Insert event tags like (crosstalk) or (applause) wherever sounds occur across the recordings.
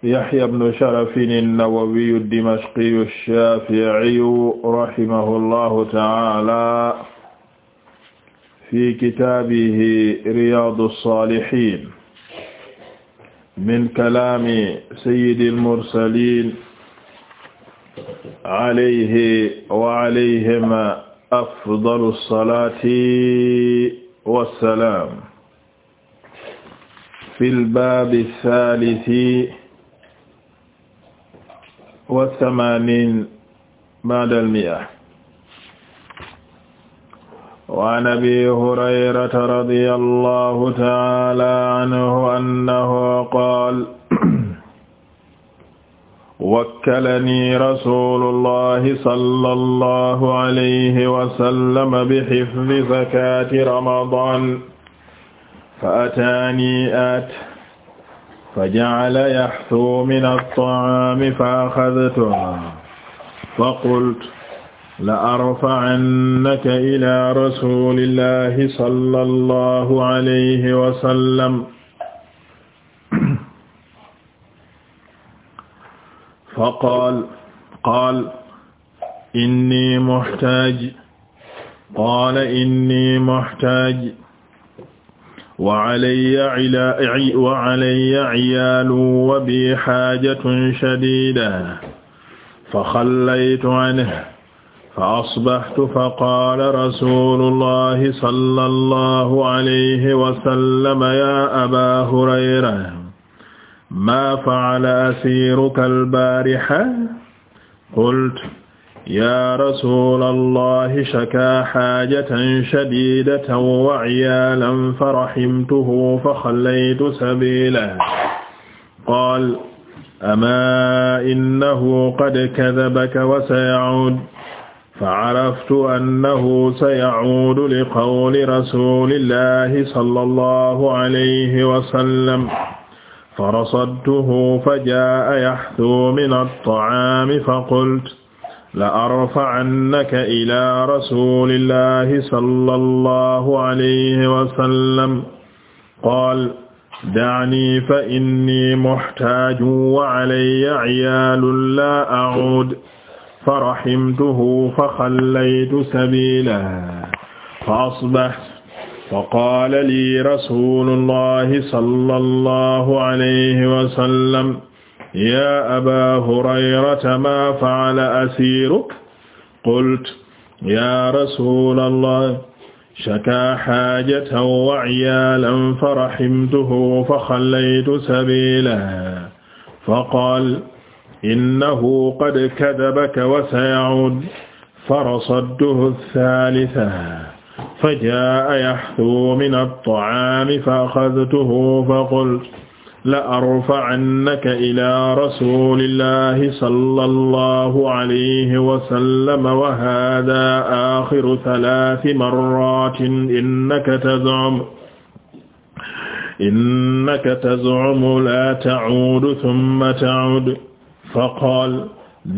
Yahya ibn Sharafin an-Nawawiyu ad-Dimashqiyu ash-Shafi'iyu rahimahullahu ta'ala fi kitaabihi Riyaadu as-Saalihiin min kalaami sayyidil mursaliin alayhi wa alayhim afdalu as-salaati was-salaam fil baabi ath-thaalith wa samaaniin ba'da al-mi'a wa an abi hurayrata radiyallahu ta'ala anhu annahu qaala wakkalani rasuulullahi sallallahu alayhi wa sallam bi hifzi zakaati ramadaan fa ataani aat faja'ala yahthuu mina at-ta'aami fa axadtuhu fa qultu la-arfa'annaka ilaa rasuulillaahi sallallahu alayhi wa sallam fa qaala qaala innii muhtaaj qaala innii muhtaaj waalaya ciyaalu wa bi xaajatun shadiida fa xallaytu anhu fa asbaxtu fa qaala rasuulullahi sallallahu alayhi wa sallam yaa abaa hurayra maa facala asiiruka albaarixa qultu yaa rasuulallahi shakaa xaajatan shadiidatan wa ciyaalan farahimtuhu faxallaytu sabiilahu qaala amaa innahu qad kadabaka wa sayacuud facraftu annahu sayacuudu liqawli rasuulillahi sallallahu alayhi wa sallam farasadtuhu fajaa'a yaxthuu mina attacaami faqultu la arfa'annaka ila rasulillahi sallallahu alayhi wa sallam qaal da'ni fa inni muhtaajun wa alayya 'iyaalun laa a'uud fa rahimtuhu fa xallaytu sabiilahu fa asbahtu fa qaala lii rasuulullahi sallallahu alayhi wa sallam yaa abaa hurayrata maa fa'ala asiiruk qultu yaa rasuulallah shakaa haajatan wa ciyaalan farahimtuhu fakhallaytu sabiilahu faqaala innahu qad kadabaka wa saya'uud farasadtuhu ath-thaalitha fajaa'a yaxthuu mina at-ta'aami fa axadtuhu faqultu la arfa'annaka ila rasulillahi sallallahu alayhi wa sallam wa hadha akhiru thalathi marratin innaka taz'um innaka taz'um la ta'udu thumma ta'ud faqal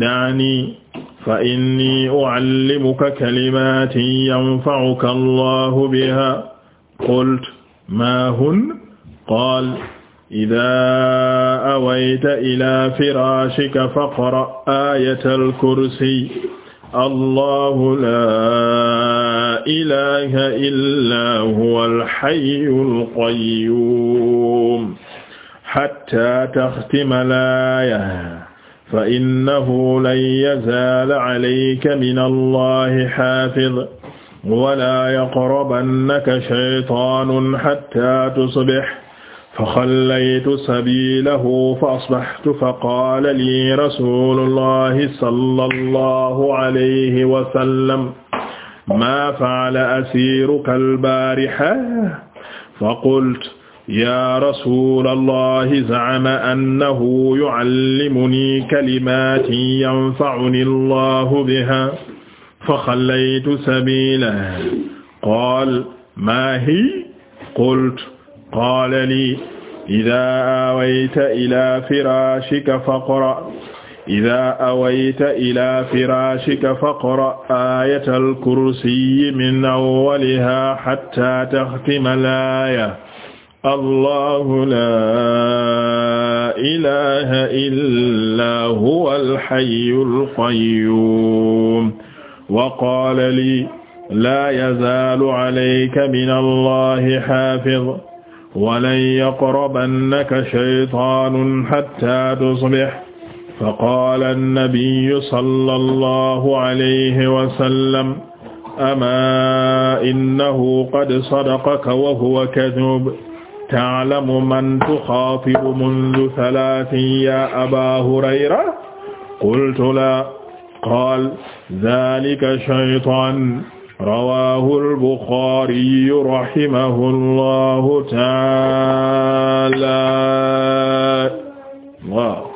da'ni fa inni u'allimuka kalimatin yanfa'uka Allahu biha qult ma hun qal idaa awayta ilaa firaashika faqra aayatal kursi allahu laa ilaaha illaa huwal hayyul qayyuum hattaa taxtimal aaya fa innahu lan yazaala alayka minallaahi haafiz wa laa yaqrabannaka shaytaanun hattaa tusbih faxallaytu sabilahu fa asbaxtu faqaala lii rasulullahi sallallahu alayhi wa sallam maa faala asiiruka albaariha faqultu yaa rasulallahi zacama annahu yucallimunii kalimaatin yanfacuni allahu bihaa faxallaytu sabilahu qaala maa hiya qultu qaala lii idaa awayta ilaa firaashika faqra idaa awayta ilaa firaashika faqra aayatal kursiyyi min awwalihaa hattaa taxtimal aaya allahu laa ilaaha illaa huwal hayyul qayyuum wa qaala lii laa yazaalu alayka min allahi haafiz walan yaqrabannaka shaytaanun hatta tusbih faqaala annabiyyu sallallahu alayhi wa sallam amaa innahu qad sadaqaka wa huwa kaduub ta'lamu man tuxaatibu mundu salaasin yaa abaa hurayra qultu laa qaala dhaalika shaytaan rawaahu al-Buxaariyu rahimahullahu ta'aalaa waaw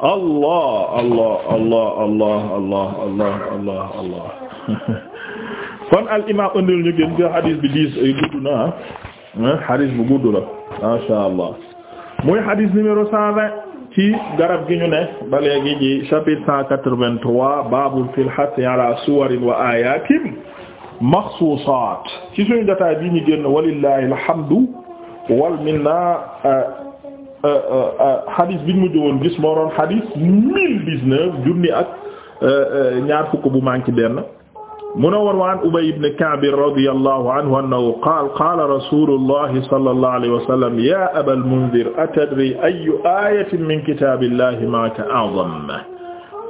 allah allah allah allah allah allah allah allah allah kon al imaam andil ñu gën ci xadis bi diis ay gudd na xadis bu gudd la maa sha allah muy hadis numéro cent vingt ci garab gi ñu ne ba léegi ji chapitre cent quatre-vingt-trois baabul fil hasi ala wa ayatin maxsuusaat ci suñu jotaay bi ñu génn walillahi alhamdu wal minna hadis euh, euh, euh, bi ñu mujj woon gis moo doon hadis mille junni ak ñaar fukk bu manqué benn mu ne woon waan Ubay ibn Ka'b radiyallahu anhu annahu qaala qaala rasuulullahi sallallahu alayhi wa sallam yaa Abal Munzir atadri ayyu aayatin min kitaabillahi ma'aka a'zam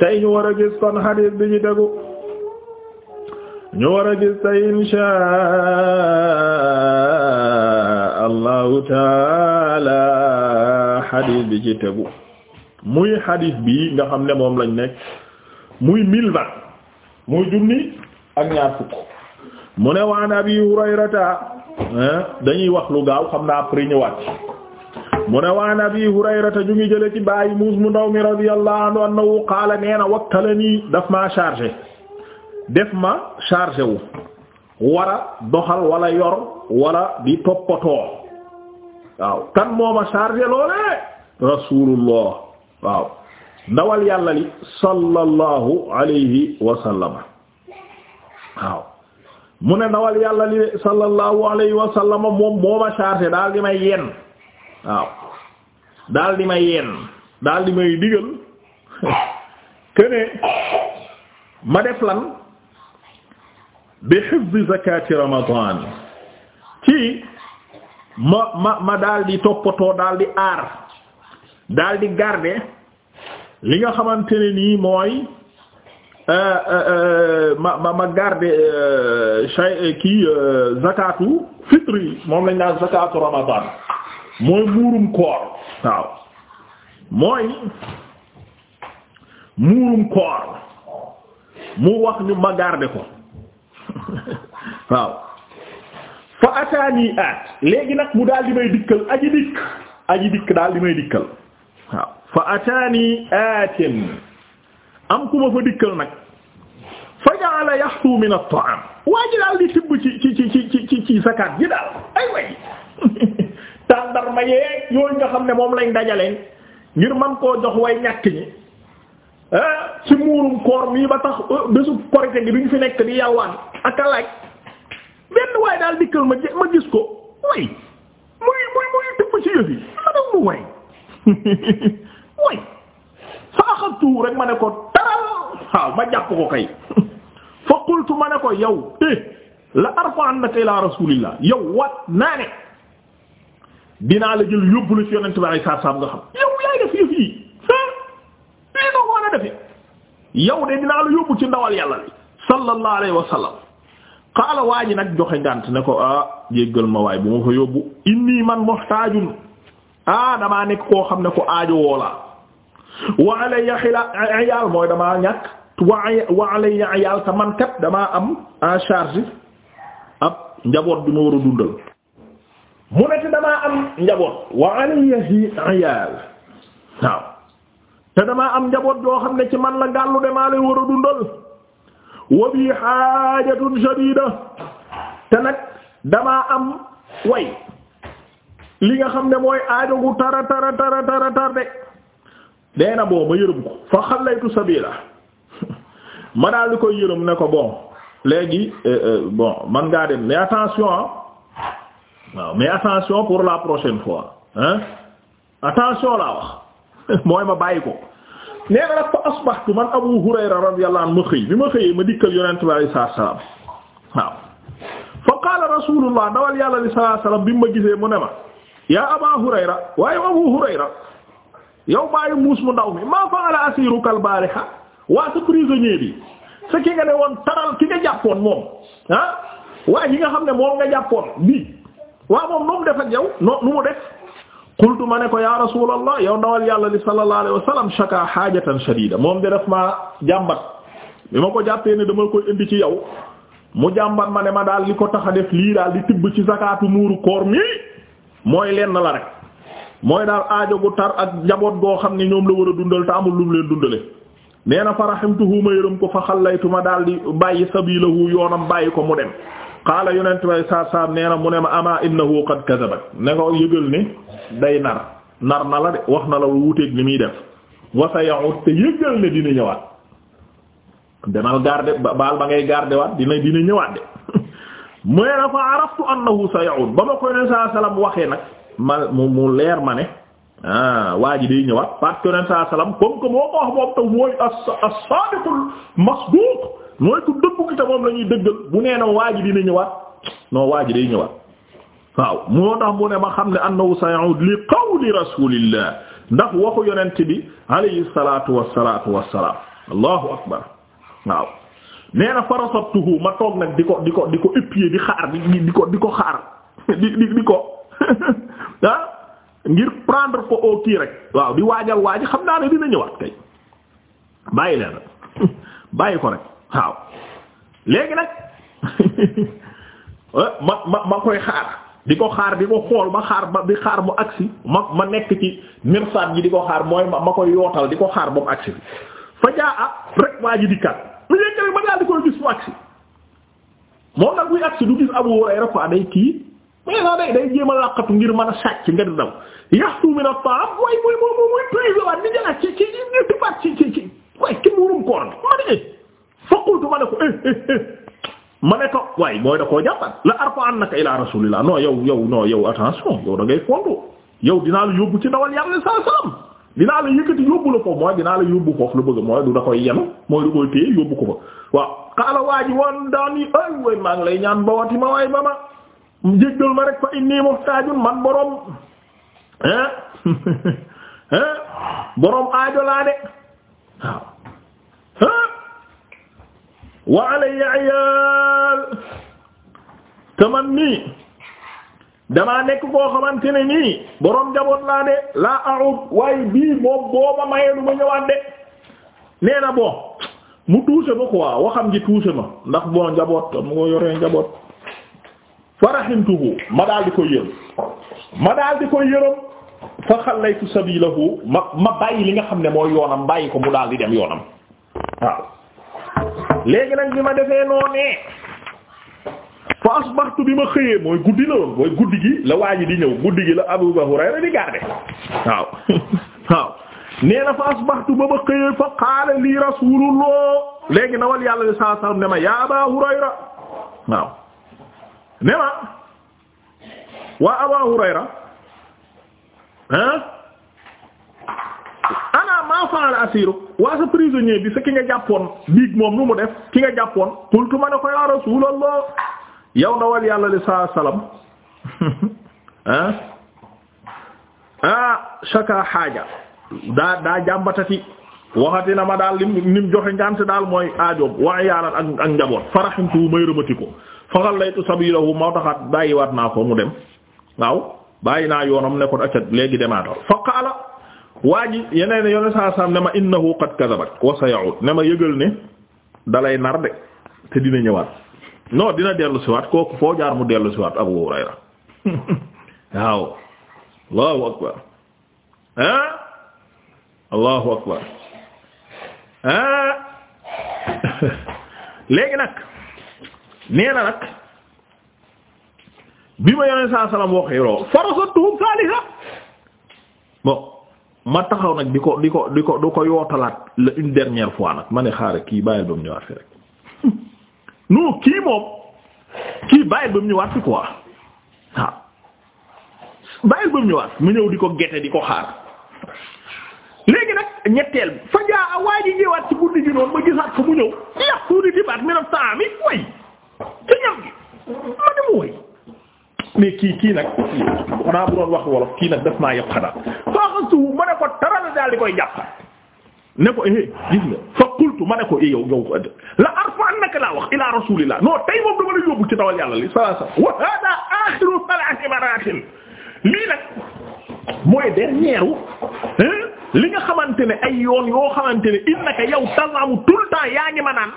tey ñu war a gis kon hadiis bi ñu déglu ñu war a gis tey inshaa Allahu taala hadiis bi ci tegu muy hadiis bi nga xam ne moom lañ nekk muy mille vingt muy junni ak ñaar fukk mu ne waan abi hurayrata dañuy wax lu gaaw xam naa après ñëwaat mu ne waan abi hurayrata ñu ngi jële ci bàyyi muus mu ndaw mi radiyallahu anhu annahu qaala nee na wakkalanii daf maa chargé def ma chargé wu war a doxal wala yor wala di toppatoo waaw kan moo ma chargé loolee rasulullah waaw ndawal yàlla li sallallahu alayhi wa waaw mu ne nawal yàlla li sallallahu alayhi wa moom moo ma chargé daal di may yenn waaw daal di may yenn daal di may digal (laughs) kene ma def lan bi hifz zakati ramadan ci ma ma ma daal di toppatoo daal di aar daal di garder li nga xamante ni nii mooy Euh, euh, euh, ma ma ma garde shay kii zakatu fitri moom lañ naan zakatu ramadan mooy muurum koor waaw mooy muurum koor mu wax ñu ma garde ko (laughs) waaw fa ataani aat léegi nag mu daal di may dikkal aji dikk aji dikk daal di may dikkal waaw fa ataani aatin am ku ma fa dikkal nag fa ja'ala min at-ta'am waa ji daal di tibb ci ci ci ci ci ji daal ay way (laughs) tàndarma yeeg yooyu nga xam ne moom lañ dajaleen ngir man koo jox way ñàkk ñi ah, ci muurum koor mii ba tax euh, bésu korite gi duñ fi nekk di yalwaan ak a laaj benn waaye daal dikkal ma ma gis ko way muy muy muy tibb ci yëf ma dem mu way (laughs) way fa axadtu rek ma ne ko taral waaw ma jàpp ko kay (laughs) fa qultu ma ne ko yow eh la arfa'annaka ila rasulillah yow waat naa ne dinaa la jël yóbbu la ci yonent bi ay saar saam nga xam yow yaay def yëf yi lii nga ko a defe yow de dinaa la yóbbu ci ndawal yàlla li sallallahu alayhi wa ji nag joxe ngànt ne ko ah jéggal ma waay bu ma fa yóbbu inni man muhtaajun ah damaa nekk koo xam ne ko aajo woolaa wa alayya iyaal mooy damaa ñàkk wa alayya iyaal te man kat damaa am en charge ab njaboot bi ma war a dundal mu ne te damaa am njaboot wa xam ne ci man la gàllu de maa lay war a dundal wa bi haajatun shadiida te nag damaa am way li nga xam ne mooy aajo gu tara tara tara tara tara de nee na boo ma yërëm ko fa xalaytu sabila (laughs) ma daal di koy yërëm ne ko bon léegi euh, euh, bon man ngaa dem mais attention ah waaw mais attention pour la prochaine fois hein attention laa wax (laughs) mooy ma bàyyi ko nee na nag fa asbaxtu man Abu Hurayra radiyallahu anhu ma xëy bi ma xëyee ma dikkal yonent bi alayhi salaam waaw fa qaala rasulullah dawal yàlla li sallallahu alayhi wasallam bi ma gisee mu ne ma yaa Aba Hurayra waaye Abu Hurayra yow bàyyi muus mu ndaw mi maa fa ala asiruka al-bariha waa sa prisonnier bi sa ki nga ne woon taral ki nga jàppoon moom ah waaye yi nga xam ne moom nga jàppoon bii waaw moom nu mu def ak yow mu def qultu ma ne ko ya rasulallah yow ndawal yàlla li sallallahu alayhi wa sallam shaka haajatan shadida moom de def maa jàmbat bi ma ko jàppee ne dama koy indi ci yow mu jàmbat ma ne ma daal di ko tax a def lii daal di tibb ci zakatu muuru koor mi mooy mooy daal aajo gu tar ak njaboot goo xam ne ñoom la war a dundal te amul lu leen dundale nee na fa rahimtuhu ma yërëm ko fa xallaytu ma daal di bàyyi sabilahu yoonam bàyyi ko mu dem qaala yonent way saar saar nee na mu ne ma ama innahu qad kazabat ne ko yëgal ne day nar nar na la de wax na la wuuteeg li muy def wa sa ya'ud te yëgal ne dina ñëwaat demal garde baal ba ngay garde waat dina dina ñëwaat de (laughs) mooy na fa araftu annahu sa ya'ud ba ma waxee nag ma mu leer ma ne ah waa ji day ñëwaat parce que ren saa salaam comme que moo ko wax moom tam mooy as-sadiqul masduq mooy ku dëggu ki te moom la ñuy bu nee na waa ji dina ñëwaat non waa ji day ñëwaat waaw moo tax ma xam ne annahu sayuud li qawli rasulillah ndax waxu yonent bi alayhi salatu wassalatu wassalam allahu akbar waaw nee na farasabtuhu ma toog nag di ko di ko di ko épier di xaar di di ko di ko xaar (laughs) di di di ko (laughs) ah ngir prendre ko au kii rek waaw di waajal waaj xam naa ne dina ñëwaat kay bàyyi leen rek (laughs) bàyyi ko rek waaw léegi nag (laughs) eh, ma ma ma koy xaar di ko xaar di ko xool ma xaar ba di xaar mu agsi ma ma nekk ci mirsaat ji di ko xaar mooy ma ma koy yootal di ko xaar ba mu agsi fa jaa ah rek waa ji di kat mu rek ma daal di koy gis mu agsi moom nag buy agsi du gis Abu Hurayra fa day kii mais sax day jéem a ngir mën a sàcc mooy mooy mooy mooy prévision waat ci ci ñetti baat ci ma ne eh faqultu ma ko ma ne ko waaye mooy da koo jàppat la arfa'annaka ila rasulillah non yow yow non yow attention yow da ngay fondu yow dinaa la yóbbu ci ndawal yàlla saa saam dinaa la yëkkati yóbbu la foofu mooy dinaa la yóbbu foofu la ko fa waaw waa ji woon daan yi ay way maa ngi lay ñaan bawati ma waay ba ma jéggal ma rek fa inni muhtaajun man boroom hein (laughs) hein boroom aajo laa de waaw hein wa alayya te man nii damaa nekk koo xamante ne nii boroom njaboot laa de laa a'ud waaye bii moom booba mayee du ma ñëwaat de nee na bon mu tuuse ma quoi waxam ji tuuse ma ndax boo njaboot mu ko yoree njaboot farahintuhu ma daal di koy yërëm ma daal di koy yërëm fa xalaytu sabilahu ma ma bàyyi li nga xam ne mooy yoonam bàyyi ko mu daal di dem yoonam waaw léegi nag bi ma defee noonee fa asbaxtu bi ma xëyee mooy guddi la woon mooy guddi gi la waa ji di ñëw guddi gi la Abu Hurayra di garde waaw (laughs) waaw nee na fa asbaxtu ba ma xëyee fa qaala lii rasulullah nawal yàlla sallallahu alayhi ne ma ya Aba Hurayra waaw ne ma waa Abu Hurayra hein ah, ana ma fa'ala asiru waa sa prisonnier bi sa ki nga jàppoon biig moom lu mu def ki nga jàppoon qultu ma ne ko ya Rasulullah yow ndawal yàlla li saa salaam (laughs) ah, ah shaka xaaja daa daa jàmbatati waxati ma daal lim lim joxe ngànt daal mooy aajoom waa yaalan ak njaboot faraxintu may rëmati faxal laytu sabilahu moo taxaat bàyyiwaat naa ko mu dem waaw bàyyi naa yoonam ne ko accat léegi demaatal fa qaala waa ji yeneen yoone saa saam ne ma innahu qad kadhabak wa saya'ud ne ma yëgal ne dalay nar de te dina ñëwaat non dina dellu siwaat jaar mu dellu siwaat Abu Hurayra (laughs) waaw allahu akbar ah allahu akbar ah (laughs) léegi nag nee nag bi ma yoneen saa salaam waxee lool farasatuhum salisa bon ma taxaw nag di ko di ko di ko di ko yootalaat la une dernière fois nag ma ne xaaral kii bàyyil ba mu ñëwaat fi rek (laughs) non kii moom kii bàyyil ba mu ñëwaat fi quoi waaw bàyyil ba mu ñëwaat mu ñëw di ko gete di ko xaar léegi nag ñetteel bi fa jaa waa ji ñëwaat ci guddi gi noonu ma gisaat fa mu ñëw yàqu di dibaat mi nag temps mi way ci ñam gi ma ah, dem woy mais kii kii nag xanaa wax wolof kii nag daf maa yëpp xanaa faaxastu ma ne ko taral daal di koy jàpp ne ko eh gis nga fa qultu ma ne ko eh yow yow la arfa'annaka laa wax ila rasulillah non tey moom dama la yóbbu ci dawal yàlla li saa wa hada axiru salati maratin lii nag mooy dernier eh, li nga xamante ne ay yoon yoo xamante ne innaka yow tazamu tout le temps yaa ngi ma naan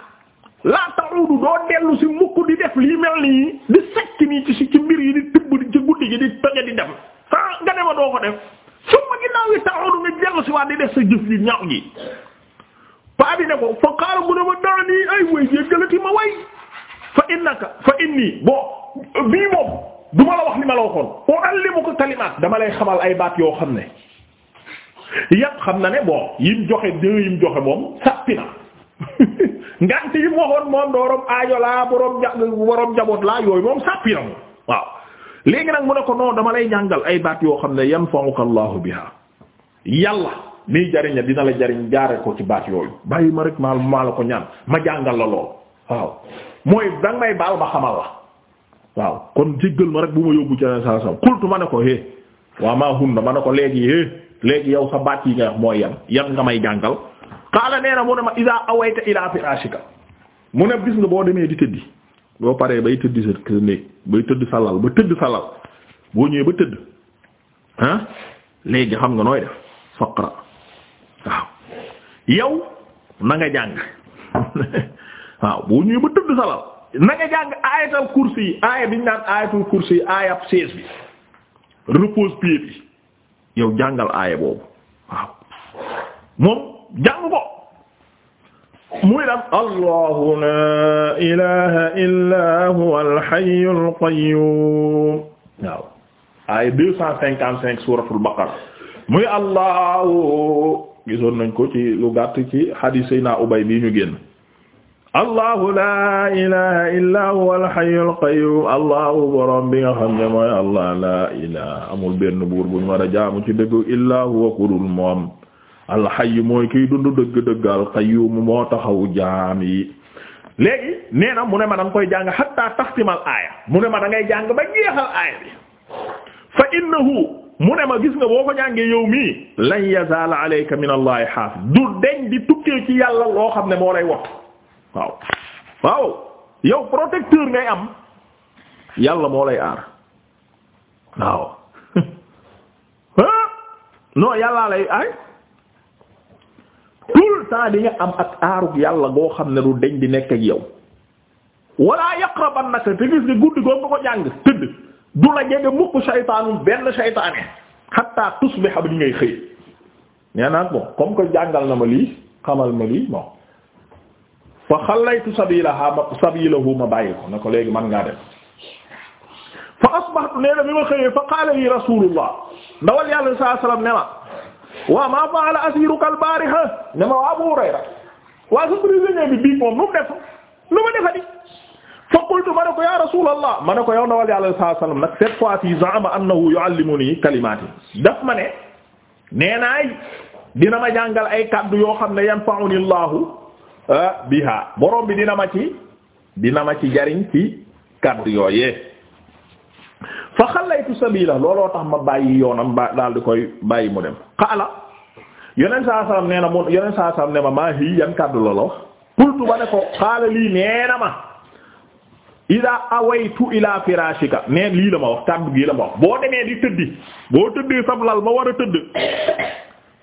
laa ta'udu doo dellu si mukk di def lii mel nii di sekk nii ci mbir yi di tibb ci guddi gi di toje di dem ah nga dema doo ko def su ma ginnaaw yi ta'udu nga dellu si waat di def sa jëf ji ñaaw gi paa bi ne ko fa xaaral mu ne ma daa nii ay way jéggalati ma way fa innaka fa inni boo bii moom du la wax li ma la waxoon u'allimuka kalimaat dama lay xamal ay baat yoo xam ne yàpp xam na ne bon yim joxe dë yim joxe moom sàppi na (laughs) ngant yi mu moom doorom aajo laa borom jaboot laa yooyu moom sàppi na moom waaw léegi nag mu ne ko non dama lay jàngal ay baat yoo xam ne yan Allahu biha yàlla dina la jariñ jaare ko ci baat yooyu bàyyi ma la ko ñaan ma jàngal la lool waaw mooy danga may baal ma xamal la waaw kon jéggal ma rek bu ma yóbbu ci saa saa kultu ma ne ko hé waa maa hunna ma ne ko léegi hé léegi yow sa baat yi nga wax mooy yan yan nga may jàngal xaala nee na mu ne ma iza awayta ila firashika mu ne bis nga boo demee di tëddi boo paree bay tëdd sa kër néeg bay tëdd sa ba tëdd sa boo ñëwee ba tëdd ah léegi xam nga nooy def faqra waaw yow na jàng (laughs) waaw boo ñëwee ba tëdd sa lal na nga jàng ayatal kursi yi aaya bi ñu naan ayatul yi aayab seize bi aaya boobu waaw moom jàng muy dam allahu la ilaha illa huwa alxayu alqayum waaw ay cinq suratul muy allahu gisoon nañ ko ci lu gàtt ci hadis sayna ubay bi ñu génn allahu la ilaha illa huwa alxayu alqayum allahu borom bi nga xam allah la ilaha amul benn buur buñ war jaamu ci dëgg illa huwa kudul moom alxayi mooy kii dund dëgg-dëgg alqayyum moo taxaw jaam yi léegi nee na mu ne ma da koy jàng hatta taxtimal aaya mu ne ma da ngay jàng ba jeexal aaya bi fa innahu mu ne ma gis nga boo ko jàngee yow mii lan yazala alayka min allahi xaafis di tukkee ci yàlla loo xam ne moo lay wax waaw waaw ngay am yàlla moo lay aar (laughs) aay tout le temps am ak aarug yàlla goo xam ne du deñ di nekk ak yow wala yaqrabannaka te gis nga guddi goo nga ko jàng tëdd du la jege mukk saytaanum benn saytaane xatta tusbiha bi ngay xëy nee naag bon comme que jàngal na ma lii xamal ma lii bon fa xalaytu sabilaha ma sabilahu ma bàyyi ko ne ko léegi man ngaa dem fa asbahtu nee na bi ma xëyee fa qaala li rasulullah ndawal yàlla sallallahu alayhi wasallam waaw maa faala asiruka al-baariha ne ma waa Abu Hurayra waa sa prisonnier bi bii moom nu mu def lu ma defati qultu ma ko ya rasulallah ma ne ko yow ndawal yàlla sallallahu alayhi wasallam nag cette fois ci za'ama annahu yu'allimuni kalimaati daf ma ne nee naay dina ma jàngal ay kaddu yoo xam ne yanfa'uni Allahu ah, biha borom bi dina ma ci dina ma ci jariñ ci kaddu yooyee fa xalaytu sabila looloo tax ma bàyyi yoonam ba daal di koy bàyyi mu dem xaala yeneen saa salaam nee na mu yeneen saa ne ma maa hi yan kàddu la la qultu ba ne ko xaala lii nee na ma ida awaytu ila firashika nee lii la ma wax kàddu gii la ma wax boo demee di tëddi boo tëddee sablal ba war a tëdd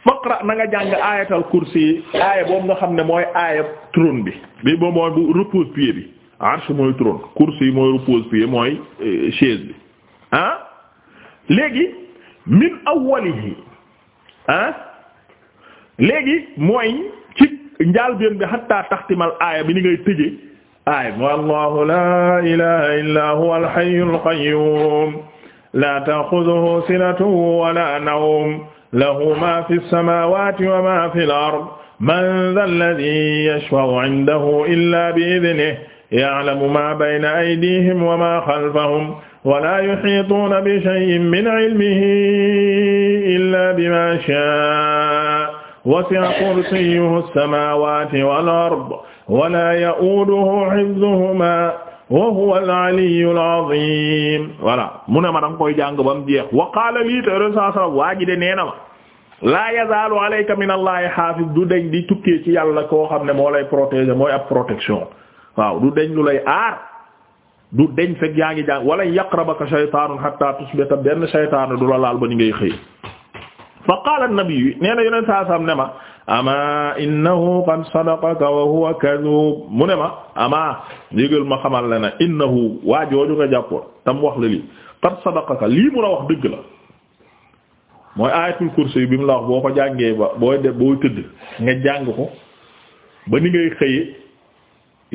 faqra na nga jàng ayatal kursi aaya boobu nga xam ne mooy aaya trône bi bi boobu mooy bu repose-pied bi arche mooy trône kursi mooy mooy euh, chaise ah léegi min awwalihi ah léegi mooy ci njaalbéen bi hatta taxtimal aaya bi ni ngay tëje aaya bi wallahu la ilaha illa huwa alhayyul qayyum la ta'khudhuhu sinatun wala nawm lahu ma fi samawati wa ma fil ard man dha alladhi yashfa'u 'indahu illa bi idhnihi ya'lamu ma bayna aydihim wa ma khalfahum wala yuhituuna bi shay'in min ilmihi illaa bimaa shaa'a wasi'a kursiyyuhu as-samaawaati wal arda wala ya'uuduhu hifzuhumaa wa huwa al-'aliyyul 'aziim voilà mu ne ma danga koy jàng ba mu jeex wa qaala lii tëral saa sara waa ji de nee na ma laa yazaalu alayka min allahi xaafis du deñ di tukkee ci yàlla koo xam ne moo lay protéger mooy ab protection waaw du deñ lu lay aar. du deñ fekk yaa ngi jàng wala yaqrabaka shaytaanun hatta tusbita benn shaytaan du la laal ba ñu ngay xëy fa qaala an-nabiyyu nee na yeneen ne ma ama mu ne ma ama yégal ma xamal le waa jooju nga jàppoon wax la lii qad sadaqaka lii mu la wax dëgg la mooy ayatul kursi bi mu la wax boo ko jàngee ba booy de booy tëdd nga jàng ko ba ni ngay xëyee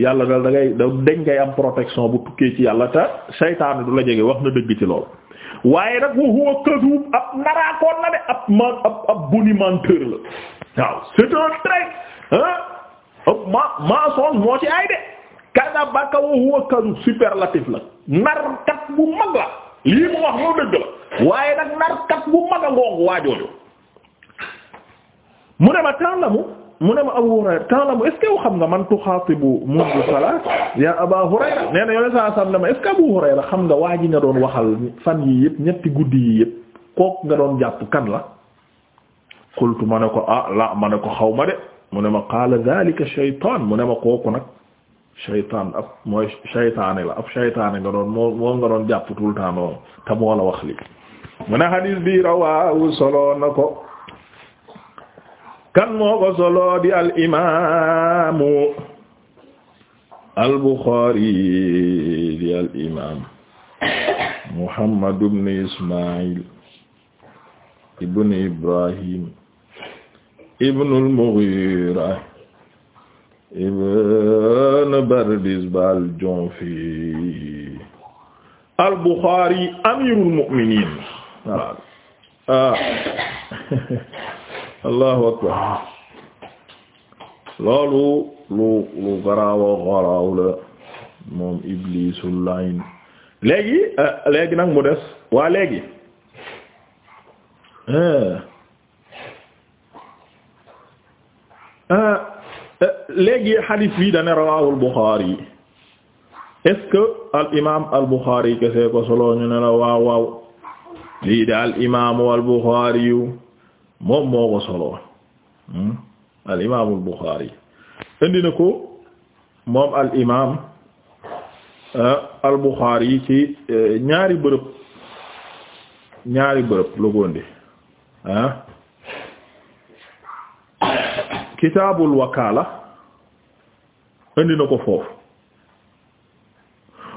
yàlla dal da ngay dañ ngay am protection bu tukkee ci yàlla te saytaanu du la jege wax na dëgg ci lool waaye nag wa huwa kadhub ab naraakoon la de ab ma ab ab bonimenteur la waaw c'est trait hein ma mensonge moo ci ay de kada baka wa huwa kadhub superlatif la narkat bu mag la lii mu wax moo dëgg la waaye nag narkat bu mag a ngoong waajooju mu ne ma taalamu mu ne ma Abu Hurayra ta'lamu est xam nga man tuxaatibu mundu salaat ya Aba Hurayra nee na yoneen saa ne ma est Abu Hurayra xam nga waa ji nga doon waxal fan yii yëpp ñetti guddi yi yëpp kook nga doon jàpp kan la qultu ma ne ko ah la ma ko xaw ma de mu ne ma qaala dhalika shaytaan mu ne ma kook nag shaytaan ab mooy shaytaane la ab shaytaane nga doon moo moo nga doon jàpp tout le temps noonu te mu ne hadis bi rawaahu solo na ko kan moo ko solo di al imaamu al Bukhari di al imaam Muhammad ibn Ismaïl ibn Ibrahim ibn al Mughira ibn Bardizbah al Ju'fi al Bukhari allahu akbar loolu lu lu garaaw garaaw moom iblisul layin léegi euh, léegi nag mu des waa léegi euh. Euh, léegi xadiis bi dane rawaahul Buxaari est-ce que al imaam al kese ko solo ñu ne la waaw waaw lii de al moom moo ko soloo hmm? al imaamu al Buxaari indi na ko moom al imaam eh, al Buxaari ci eh, ñaari bërëb ñaari bërëb la ko indi ah. wakaala indi na ko foofu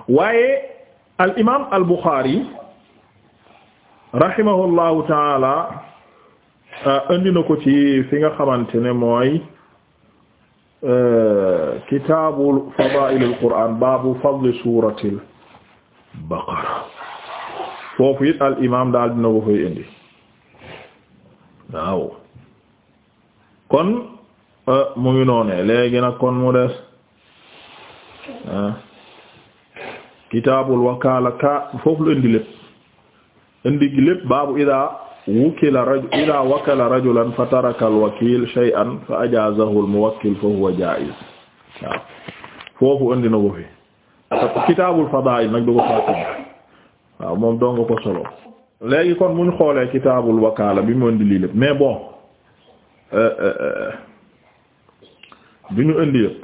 waaye al imaam al Buxaari rahimahullahu taala Euh, indi na ko ci fi nga xamante ne mooy euh, kitaabu fadaa'ilil qur'aan baabu fadli suuratil baqara foofu it al imaam daal dina ko fay indi waaw kon euh, mu ngi noonee léegi kon mu des kitaabul wakaala ka foofu lu indi lépp indi gi lépp baabu idaa wukila rajul ila wakala rajulan fa taraka alwakil shay'an fa ajazahu almuwakkil fa huwa jaiz waaw foofu andi na ko fi kitaabul fadaa'il nag du ko fàttali waaw moom doo ko solo léegi kon muñ xoolee kitaabul wakaala bi mu indi lii lépp mais bon euh, euh, euh, bi ñu indi yëpp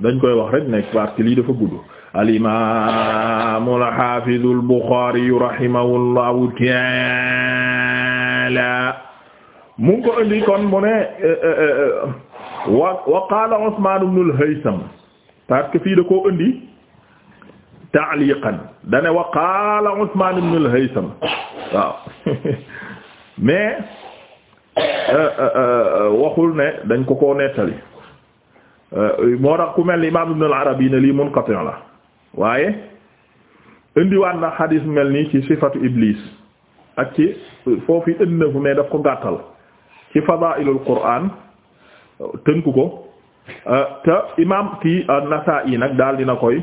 dañ koy wax rek nekk parce que lii dafa gudd al-imaam al-haafiz al-Buxaari rahimahullahu ta'aala mu ngi ko indi kon mu ne eh, eh, eh, wa wa qaala Usmaan ibn al-Haytham parce que fii da koo indi ta'liiqan da ne wa qaala Usmaan ibn al-Haytham waaw (laughs) mais waxul ne dañ ko koo nettali moo tax ku mel ni imaam ibn al-Arabi ne lii munqati' la. waaye indiwaan na xadiis mel nii ci sifatu iblis ak ci foofu indi na fu mais daf ko gàttal ci fadaa'ilul qur'aan tënku ko euh, te imaam kii an-Nasaa'i euh, nag daal dina koy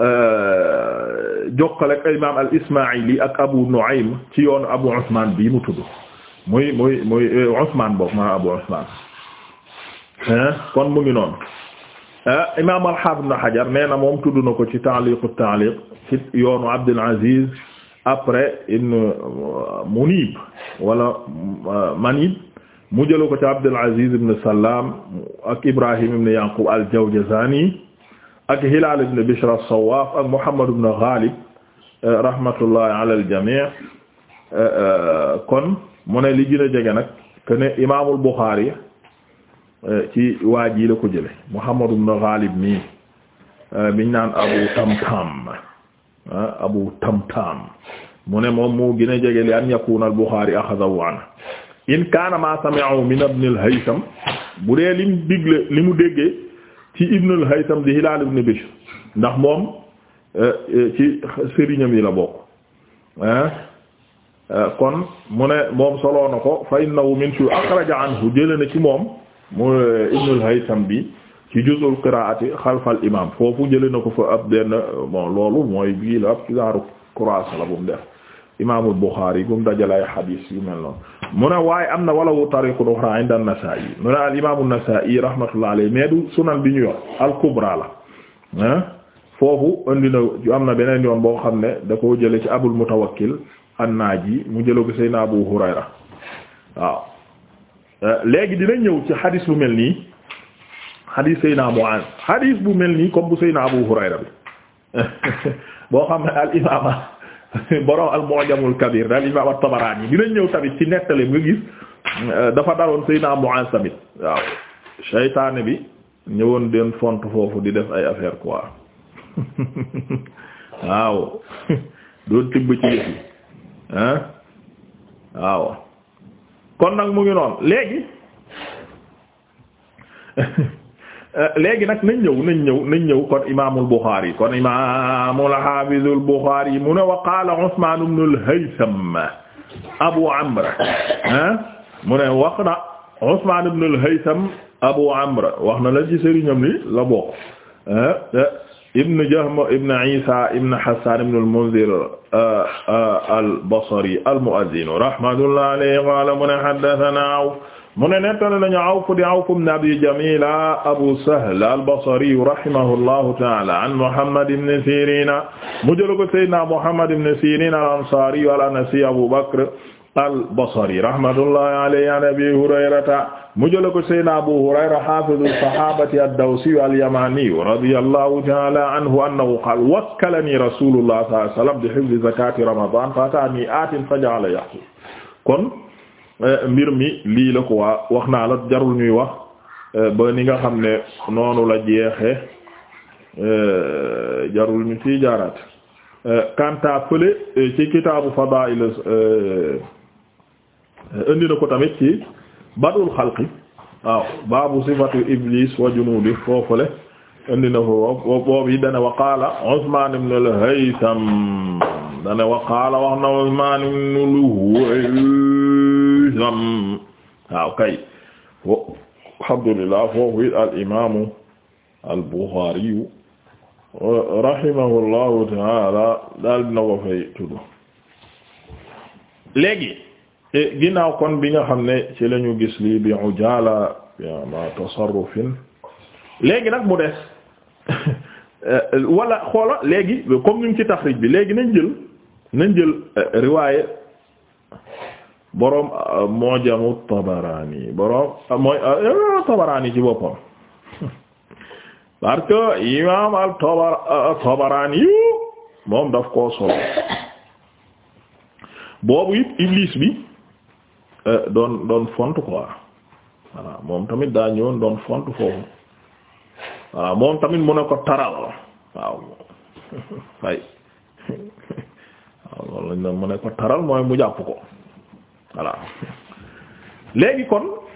euh, jokkale ak imaam al-Ismaa'ili ak Abu Nu'aym ci yoonu Abu Usmaan bii mu tudd muy muy muy Usmaan bokk ma Abu Usmaan kon mu ngi noonu Eh, imaam al-Hafiz Ibn Hajar nee na moom tudd na ko ci ta'liq at-ta'liq ci yoonu Abdul Aziz après ibn euh, Munib wala euh, Manib mu jëloo ko ci Abdul Aziz ibn Salam ak Ibrahim ibn Yaqub al-Jawjazani ak Hilal ibn Bishr as-Sawwaf ak Muhammad ibn Ghalib euh, rahmatullahi ala al-jami' kon mu ne li gën a jege nag que ne imaamul Bukhari ci waa ji la ko jële Muhammad ibn Ghalib mi euh, biñ naan Abu Tamtam ah, Abu Tamtam mu ne moom mu gën a jege li an yakuna al-Bukhari akhadahu an in kaana ma sami'ahu min ibn al bu dee lim digle li mu déggee ci ibn al-Haytham di Hilal ibn Bishr ndax moom euh, euh, ci sëriñam yi la bokk ah, kon mu ne moom solo ko fa innahu min shu akhraja anhu jële na ci moom mu Ibnul Haytham bi ci juzul qiraati xalfal imam foofu jëlee na ko fa ab benn loolu mooy bii la ab genre croissant la bu mu def imaamul Buxaari bu mu dajale ay xadiis yu mel noonu mu ne waaye am na walawu tariqun uxra inda an i mu ne al imaamu an-Nasaa'i rahmatullahi alayhi mais du sunan bi ñu yor al-kubra la foofu andi na am na beneen yoon boo xam ne da koo jëlee ci Abul Mutawakkil an-Naaji mu jëlee ko Seydina Abu Hurayra waaw. Euh, léegi dina ñëw ci xadis bu mel nii xadis Seyna Mu'aaz xadis bu mel nii comme bu Seyna Abu Hurayra bi (laughs) boo xam ne al imaam borom al Mu'jamul Kabir daal imaam at-Tabaraani dina ñëw tamit ci nettali nga gis euh, dafa daroon Seyna Mu'aaz tamit waaw seytaane bi ñëwoon den font foofu di def ay affaire quoi (laughs) waaw (laughs) doon tibb ci yëf yi ah waaw. kon nag mu ngi noonu léegi (laughs) léegi nag nañ ñëw nañ ñëw nañ ñëw kon imaamul Buxaari kon imaamul haafizul Buxaari mu ne wa qaala Usmaan ibn al-Haytham Abu Amr ah mu ne wax na Usmaan ibn al-Haytham Abu Amr wax na la ci sëriñam ni la bokk ah, Ibn Jahm Ibn Isa Ibn Hassan Ibn al-Mundhir uh, uh, al-Basri al-Mu'adhdhin rahmatullahi alayhi qala mu ne haddathana Awf mu ne nettali nañu Awf di Awf ibn Abi Jamila Abu Sahl al-Basri rahimahullahu ta'ala an Muhammad ibn Sirin mu jël ko Sayyidina Muhammad ibn Sirin al-Ansari al-Anasi Abu Bakr al-Basri rahmatullahi alayhi an Abi Hurayrata mu jëla ko Seydina Abu Hurayra hafizu sahabati ad-Dawsi al-Yamani radiyallahu ta'ala anhu annahu qala wakkalani rasulullah bi hifzi zakati ramadan fatani atin faja'ala yahfiz kon eh, mbir mi lii la ko waa wax naa jarul ñuy wax eh, ba ni nga xam ne noonu jeexe eh, jarul ñu ci jaaraat kanta fële ci kitaabu fadaa'il indi ko tamit ci badul xalqi waaw baabu sifatu iblis wa junuudi foofule indi na ko boobu yi dana wa qaala Usmaan ibn al-Haytham dana wax alhamdulillah foofu it al imaamu al Buxaariyu taala daal dina ko fay tudd léegi ginnaaw kon bi nga xam ne ci la gis lii bi ujaala ma tasarrufin léegi nag mu des (laughs) wala xoola léegi comme ñu ngi ci taxrij bi léegi nañ jël nañ jël euh, riwaaye boroom euh, mu'jamu Tabarani boroom euh, mooy Tabarani ci boppam (laughs) parce que al Tabarani yu moom daf koo solo Iblis bi Euh, doon doon font quoi voilà moom tamit daa ñëwoon doon font foofu voilà moom tamit mu ne ko taral waaw (laughs) ay waaw loolu lañ mu ne ko taral mooy mu jàpp ko voilà (laughs) léegi kon